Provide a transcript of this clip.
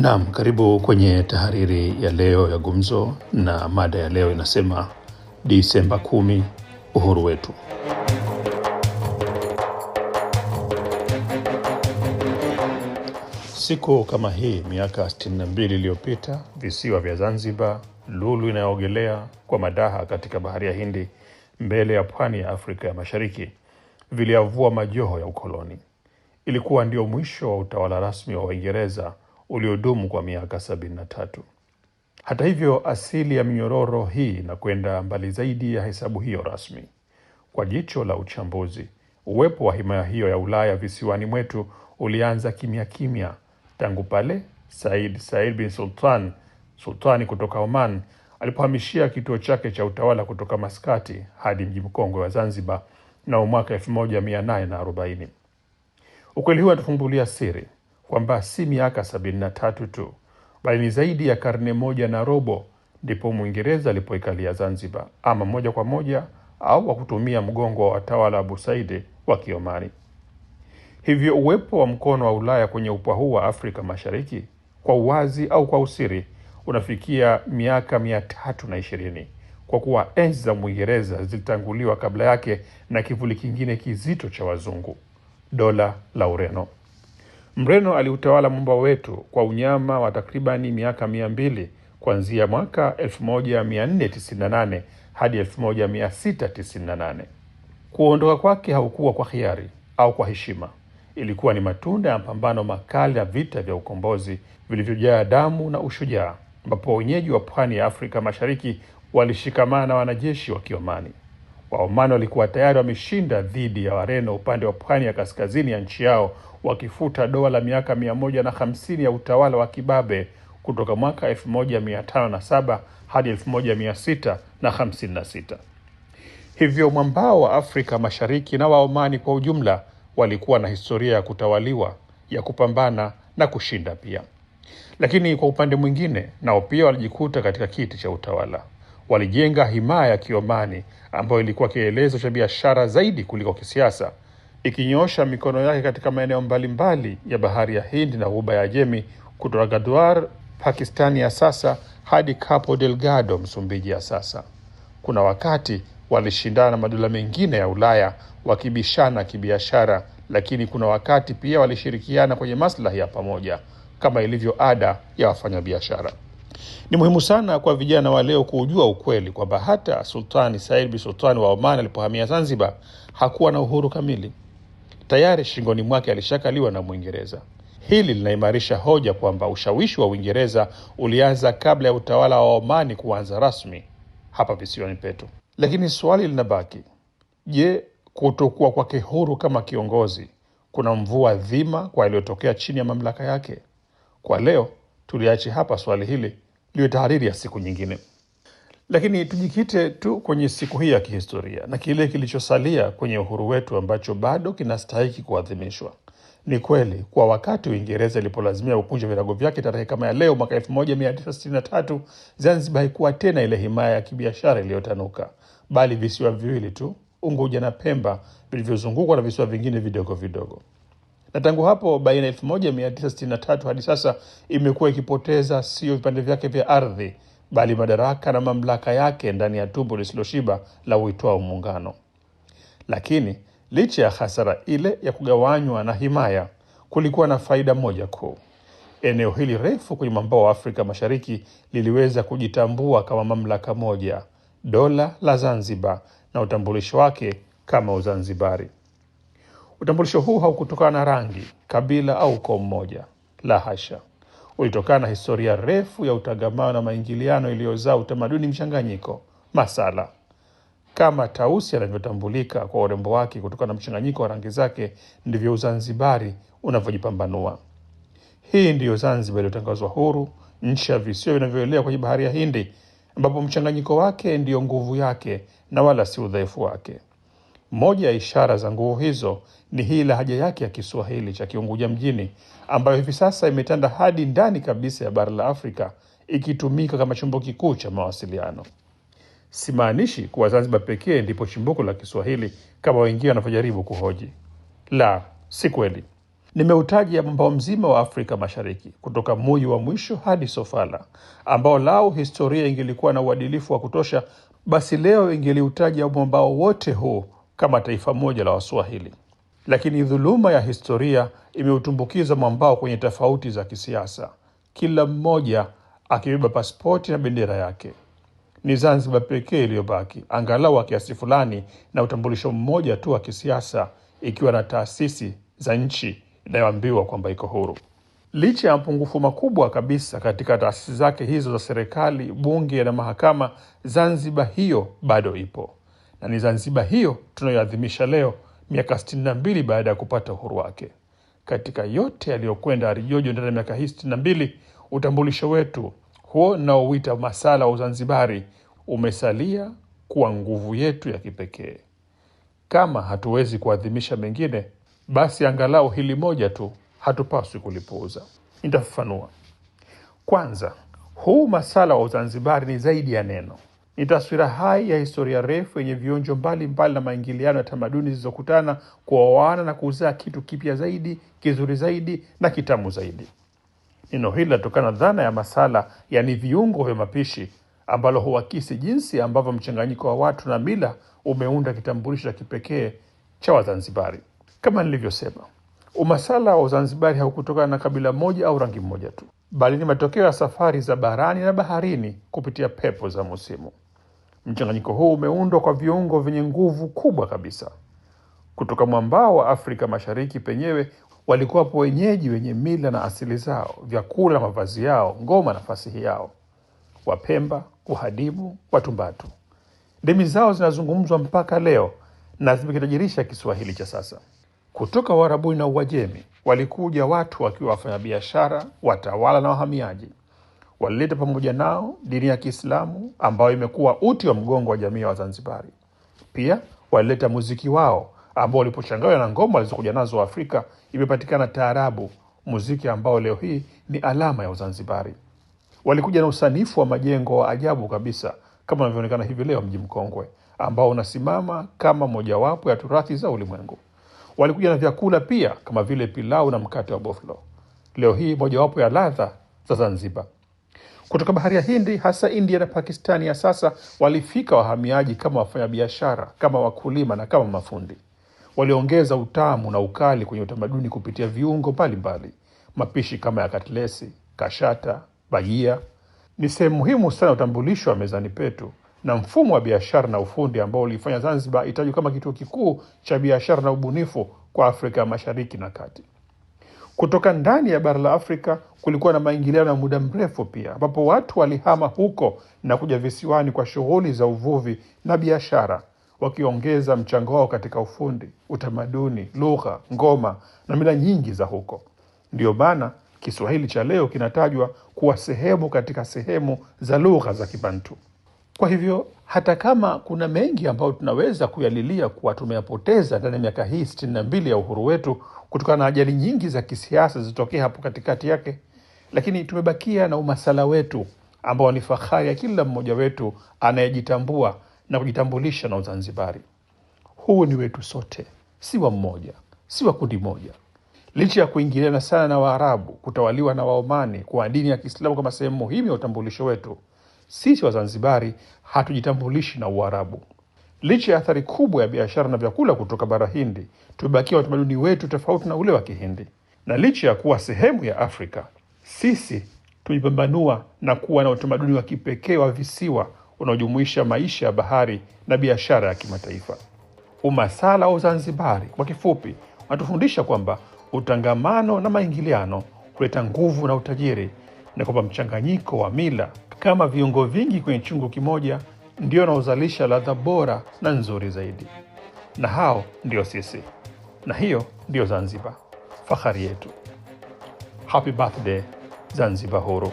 Naam, karibu kwenye tahariri ya leo ya Gumzo, na mada ya leo inasema Disemba 1 uhuru wetu. Siku kama hii miaka 62 iliyopita, visiwa vya Zanzibar, lulu inayoogelea kwa madaha katika bahari ya Hindi mbele ya pwani ya Afrika ya Mashariki, viliavua majoho ya ukoloni. Ilikuwa ndio mwisho wa utawala rasmi wa Waingereza uliodumu kwa miaka tatu. Hata hivyo, asili ya minyororo hii inakwenda mbali zaidi ya hesabu hiyo rasmi. Kwa jicho la uchambuzi, uwepo wa himaya hiyo ya Ulaya visiwani mwetu ulianza kimya kimya tangu pale Said Said bin Sultan sultani kutoka Oman alipohamishia kituo chake cha utawala kutoka Maskati hadi mji mkongwe wa Zanzibar nao mwaka 1840. Ukweli huu anatufumbulia siri kwamba si miaka 73 tu bali ni zaidi ya karne moja na robo ndipo Mwingereza alipoikalia Zanzibar, ama moja kwa moja au wa kutumia mgongo wa watawala wa Busaidi wa Kiomani. Hivyo uwepo wa mkono wa Ulaya kwenye upwa huu wa Afrika Mashariki kwa uwazi au kwa usiri unafikia miaka mia tatu na ishirini kwa kuwa enzi za Mwingereza zilitanguliwa kabla yake na kivuli kingine kizito cha wazungu, dola la Ureno. Mreno aliutawala Momba wetu kwa unyama wa takribani miaka mia mbili kuanzia mwaka 1498 hadi 1698. Kuondoka kwake haukuwa kwa hiari au kwa heshima. Ilikuwa ni matunda ya mapambano makali na vita vya ukombozi vilivyojaa damu na ushujaa, ambapo wenyeji wa pwani ya Afrika Mashariki walishikamana na wanajeshi wa Kiomani. Waomani walikuwa tayari wameshinda dhidi ya Wareno upande wa pwani ya kaskazini ya nchi yao, wakifuta doa la miaka mia moja na hamsini ya utawala wa kibabe kutoka mwaka elfu moja mia tano na saba hadi elfu moja mia sita na hamsini na sita. Hivyo mwambao wa Afrika Mashariki na Waomani kwa ujumla walikuwa na historia ya kutawaliwa, ya kupambana na kushinda pia. Lakini kwa upande mwingine, nao pia walijikuta katika kiti cha utawala walijenga himaya ya Kiomani ambayo ilikuwa kielezo cha biashara zaidi kuliko kisiasa, ikinyosha mikono yake katika maeneo mbalimbali ya bahari ya Hindi na ghuba ya jemi kutoka Gadwar Pakistani ya sasa hadi capo Delgado Msumbiji ya sasa. Kuna wakati walishindana na madola mengine ya Ulaya wakibishana kibiashara, lakini kuna wakati pia walishirikiana kwenye maslahi ya pamoja kama ilivyo ada ya wafanyabiashara. Ni muhimu sana kwa vijana wa leo kuujua ukweli kwamba hata Sultani Said bin Sultani wa Oman alipohamia Zanzibar hakuwa na uhuru kamili. Tayari shingoni mwake alishakaliwa na Mwingereza. Hili linaimarisha hoja kwamba ushawishi wa Uingereza ulianza kabla ya utawala wa Omani kuanza rasmi hapa visiwani petu. Lakini swali linabaki, je, kutokuwa kwake huru kama kiongozi kuna mvua dhima kwa yaliyotokea chini ya mamlaka yake? Kwa leo tuliache hapa swali hili liwe tahariri ya siku nyingine, lakini tujikite tu kwenye siku hii ya kihistoria na kile kilichosalia kwenye uhuru wetu ambacho bado kinastahiki kuadhimishwa. Ni kweli kwa wakati Uingereza ilipolazimia kukunja virago vyake tarehe kama ya leo mwaka 1963 Zanzibar haikuwa tena ile himaya ya kibiashara iliyotanuka, bali visiwa viwili tu, Unguja na Pemba, vilivyozungukwa na visiwa vingine vidogo vidogo na tangu hapo baina ya tatu hadi sasa imekuwa ikipoteza sio vipande vyake vya ardhi, bali madaraka na mamlaka yake ndani ya tumbo lisiloshiba la uitwao muungano. Lakini licha ya hasara ile ya kugawanywa na himaya, kulikuwa na faida moja kuu. Eneo hili refu kwenye mambao wa Afrika Mashariki liliweza kujitambua kama mamlaka moja, dola la Zanzibar na utambulisho wake kama Uzanzibari. Utambulisho huu haukutokana na rangi, kabila au ukoo mmoja, la hasha. Ulitokana na historia refu ya utangamano na maingiliano iliyozaa utamaduni mchanganyiko masala, kama Tausi anavyotambulika kwa urembo wake kutokana na mchanganyiko wa rangi zake, ndivyo Uzanzibari unavyojipambanua. Hii ndiyo Zanzibar iliyotangazwa huru, nchi ya visiwa vinavyoelea kwenye bahari ya Hindi, ambapo mchanganyiko wake ndiyo nguvu yake na wala si udhaifu wake. Moja ya ishara za nguvu hizo ni hii lahaja yake ya Kiswahili cha Kiunguja mjini ambayo hivi sasa imetanda hadi ndani kabisa ya bara la Afrika ikitumika kama chombo kikuu cha mawasiliano. Simaanishi kuwa Zanzibar pekee ndipo chimbuko la Kiswahili kama wengine wanavyojaribu kuhoji. La, si kweli. Nimeutaja mwambao mzima wa Afrika Mashariki kutoka Muyi wa mwisho hadi Sofala, ambao lau historia ingelikuwa na uadilifu wa kutosha, basi leo ingeliutaja mwambao wote huu kama taifa moja la Waswahili, lakini dhuluma ya historia imeutumbukiza mwambao kwenye tofauti za kisiasa, kila mmoja akibeba pasipoti na bendera yake. Ni Zanzibar pekee iliyobaki angalau wa kiasi fulani na utambulisho mmoja tu wa kisiasa, ikiwa na taasisi za nchi inayoambiwa kwamba iko huru. Licha ya mapungufu makubwa kabisa katika taasisi zake hizo za serikali, bunge na mahakama, Zanzibar hiyo bado ipo na ni Zanzibar hiyo tunayoadhimisha leo miaka 62 baada ya kupata uhuru wake. Katika yote yaliyokwenda Arijojo ndani ya miaka hii 62, utambulisho wetu huo naouita masala wa Uzanzibari umesalia kuwa nguvu yetu ya kipekee. Kama hatuwezi kuadhimisha mengine, basi angalau hili moja tu hatupaswi kulipuuza. Nitafafanua. Kwanza, huu masala wa Uzanzibari ni zaidi ya neno ni taswira hai ya historia refu yenye vionjo mbalimbali na maingiliano ya tamaduni zilizokutana kuoana na kuzaa kitu kipya zaidi, kizuri zaidi na kitamu zaidi. Neno hili linatokana na dhana ya masala, yani viungo vya mapishi, ambalo huakisi jinsi ambavyo mchanganyiko wa watu na mila umeunda kitambulisho cha kipekee cha Wazanzibari. Kama nilivyosema, umasala wa Uzanzibari haukutokana na kabila moja au rangi mmoja tu, bali ni matokeo ya safari za barani na baharini kupitia pepo za musimu Mchanganyiko huu umeundwa kwa viungo vyenye nguvu kubwa kabisa kutoka mwambao wa Afrika Mashariki penyewe walikuwapo wenyeji wenye mila na asili zao, vyakula, mavazi yao, ngoma na fasihi yao, Wapemba, Wahadimu, Watumbatu. Ndimi zao zinazungumzwa mpaka leo na zimekitajirisha Kiswahili cha sasa. Kutoka Uarabuni na Uajemi walikuja watu wakiwa wafanyabiashara, watawala na wahamiaji walileta pamoja nao dini ya Kiislamu ambayo imekuwa uti wa mgongo wa jamii ya Wazanzibari. Pia walileta muziki wao ambao walipochanganywa na ngoma walizokuja nazo Afrika imepatikana taarabu, muziki ambao leo hii ni alama ya Uzanzibari. Walikuja na usanifu wa majengo wa ajabu kabisa kama unavyoonekana hivi leo mji mkongwe ambao unasimama kama mojawapo ya turathi za ulimwengu. Walikuja na vyakula pia kama vile pilau na mkate wa boflo, leo hii mojawapo ya ladha za Zanzibar. Kutoka bahari ya Hindi, hasa India na Pakistani ya sasa, walifika wahamiaji kama wafanyabiashara, kama wakulima na kama mafundi. Waliongeza utamu na ukali kwenye utamaduni kupitia viungo mbalimbali, mapishi kama ya katlesi, kashata, bajia ni sehemu muhimu sana ya utambulisho wa mezani petu na mfumo wa biashara na ufundi ambao ulifanya Zanzibar itajwa kama kituo kikuu cha biashara na ubunifu kwa Afrika Mashariki na Kati. Kutoka ndani ya bara la Afrika kulikuwa na maingiliano ya muda mrefu pia, ambapo watu walihama huko na kuja visiwani kwa shughuli za uvuvi na biashara, wakiongeza mchango wao katika ufundi, utamaduni, lugha, ngoma na mila nyingi za huko. Ndiyo maana Kiswahili cha leo kinatajwa kuwa sehemu katika sehemu za lugha za Kibantu. Kwa hivyo hata kama kuna mengi ambayo tunaweza kuyalilia kuwa tumeyapoteza ndani ya miaka hii sitini na mbili ya uhuru wetu kutokana na ajali nyingi za kisiasa zilizotokea hapo katikati yake, lakini tumebakia na umasala wetu ambao ni fahari ya kila mmoja wetu anayejitambua na kujitambulisha na Uzanzibari. Huu ni wetu sote, si wa mmoja, si wa kundi moja. Licha ya kuingiliana sana na Waarabu, kutawaliwa na Waomani kwa dini ya Kiislamu kama sehemu muhimu ya utambulisho wetu sisi Wazanzibari hatujitambulishi na Uarabu. Licha ya athari kubwa ya biashara na vyakula kutoka bara Hindi, tumebakia utamaduni wetu tofauti na ule wa Kihindi, na licha ya kuwa sehemu ya Afrika, sisi tumejipambanua na kuwa na utamaduni wa kipekee wa visiwa unaojumuisha maisha ya bahari na biashara ya kimataifa. Umasala wa Uzanzibari kwa kifupi unatufundisha kwamba utangamano na maingiliano huleta nguvu na utajiri, na kwamba mchanganyiko wa mila kama viungo vingi kwenye chungu kimoja ndio wanaozalisha ladha bora na nzuri zaidi, na hao ndio sisi, na hiyo ndio Zanzibar, fahari yetu. Happy birthday Zanzibar huru!